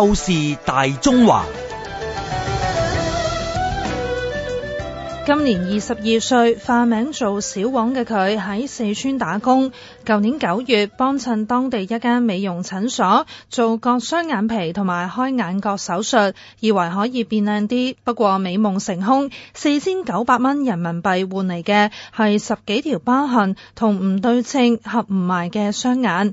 透視大中華。今年二十二歲，化名做小王嘅佢喺四川打工。舊年九月，幫襯當地一間美容診所做割雙眼皮同埋開眼角手術，以為可以變靚啲。不過美夢成空，四千九百蚊人民幣換嚟嘅係十幾條疤痕同唔對稱、合唔埋嘅雙眼。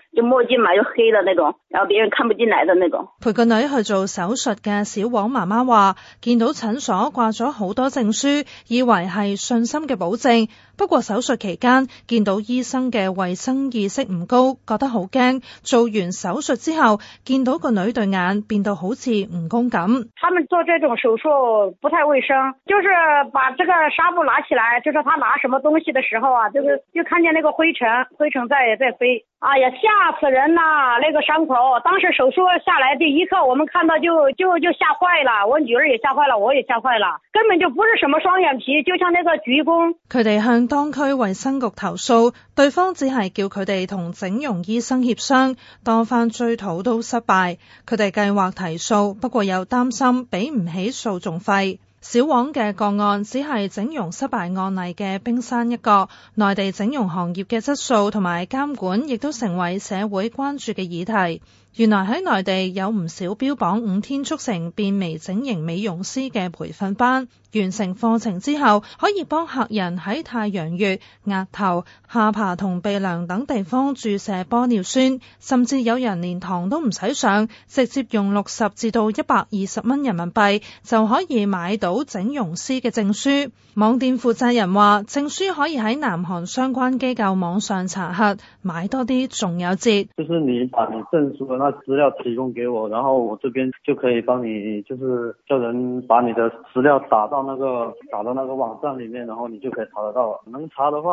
就墨鏡嘛，又黑的那種、個，然後別人看不進來的那種、個。陪個女去做手術嘅小王媽媽話，見到診所掛咗好多證書，以為係信心嘅保證。不過手術期間見到醫生嘅衛生意識唔高，覺得好驚。做完手術之後，見到個女對眼變到好似蜈蚣咁。他們做這種手術不太衛生，就是把這個紗布拿起來，就是他拿什麼東西的時候啊，就是就看見那個灰塵，灰塵在在飛。哎呀，吓死人啦、啊！那個傷口，當時手術下來第一刻，我們看到就就就吓壞了，我女兒也吓壞了，我也吓壞了，根本就不是什麼雙眼皮，就像那個鞠躬。佢哋向當區衛生局投訴，對方只係叫佢哋同整容醫生協商，多番追討都失敗，佢哋計劃提訴，不過又擔心俾唔起訴訟費。小王嘅個案只係整容失敗案例嘅冰山一角，內地整容行業嘅質素同埋監管亦都成為社會關注嘅議題。原來喺內地有唔少標榜五天速成變微整形美容師嘅培訓班，完成課程之後可以幫客人喺太陽穴、額頭、下巴同鼻梁等地方注射玻尿酸，甚至有人連堂都唔使上，直接用六十至到一百二十蚊人民幣就可以買到。整容師嘅證書，網店負責人話：證書可以喺南韓相關機構網上查核，買多啲仲有折。就是你把你證書的那資料提供給我，然後我這邊就可以幫你，就是叫人把你的資料打到那個打到那個網站裏面，然後你就可以查得到。能查的話，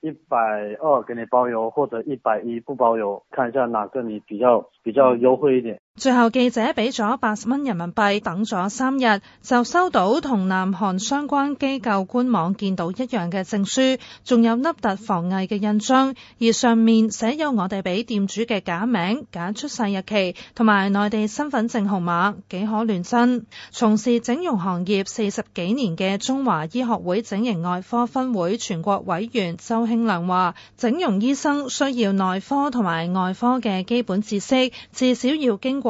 一百二給你包郵，或者一百一不包郵，看一下哪個你比較比較優惠一點。最後記者俾咗八十蚊人民幣，等咗三日就收到同南韓相關機構官網見到一樣嘅證書，仲有凹凸防偽嘅印章，而上面寫有我哋俾店主嘅假名、假出世日期同埋內地身份證號碼，幾可亂真。從事整容行業四十幾年嘅中華醫學會整形外科分會全國委員周興良話：整容醫生需要內科同埋外科嘅基本知識，至少要經過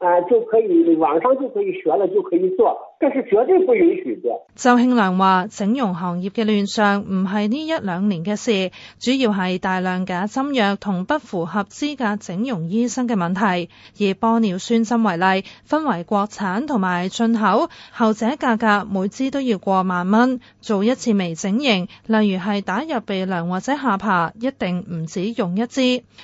啊，就可以網上就可以學了，就可以做，這是絕對不允許的。周慶良話，整容行業嘅亂象唔係呢一兩年嘅事，主要係大量假針藥同不符合資格整容醫生嘅問題。以玻尿酸針為例，分為國產同埋進口，後者價格每支都要過萬蚊。做一次微整形，例如係打入鼻梁或者下巴，一定唔止用一支。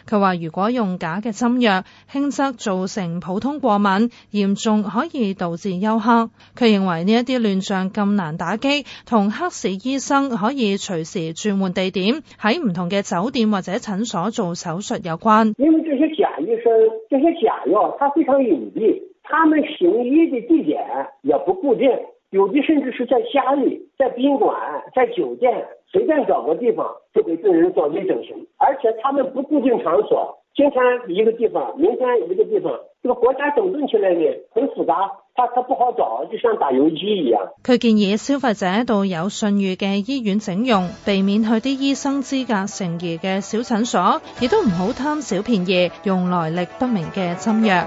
佢話如果用假嘅針藥，輕則造成普通。過敏，嚴重可以導致休克。佢認為呢一啲亂象咁難打擊，同黑市醫生可以隨時轉換地點，喺唔同嘅酒店或者診所做手術有關。因為這些假醫生、這些假藥，它非常隱蔽，他們行醫的地點也不固定，有的甚至是在家裏、在賓館、在酒店，隨便找個地方就給病人做微整形。而且他們不固定場所，今天一個地方，明天一個地方。個國家整頓起來呢，很複雜，它它不好找，就像打游擊一樣。佢建議消費者到有信譽嘅醫院整容，避免去啲醫生資格成疑嘅小診所，亦都唔好貪小便宜，用來歷不明嘅針藥。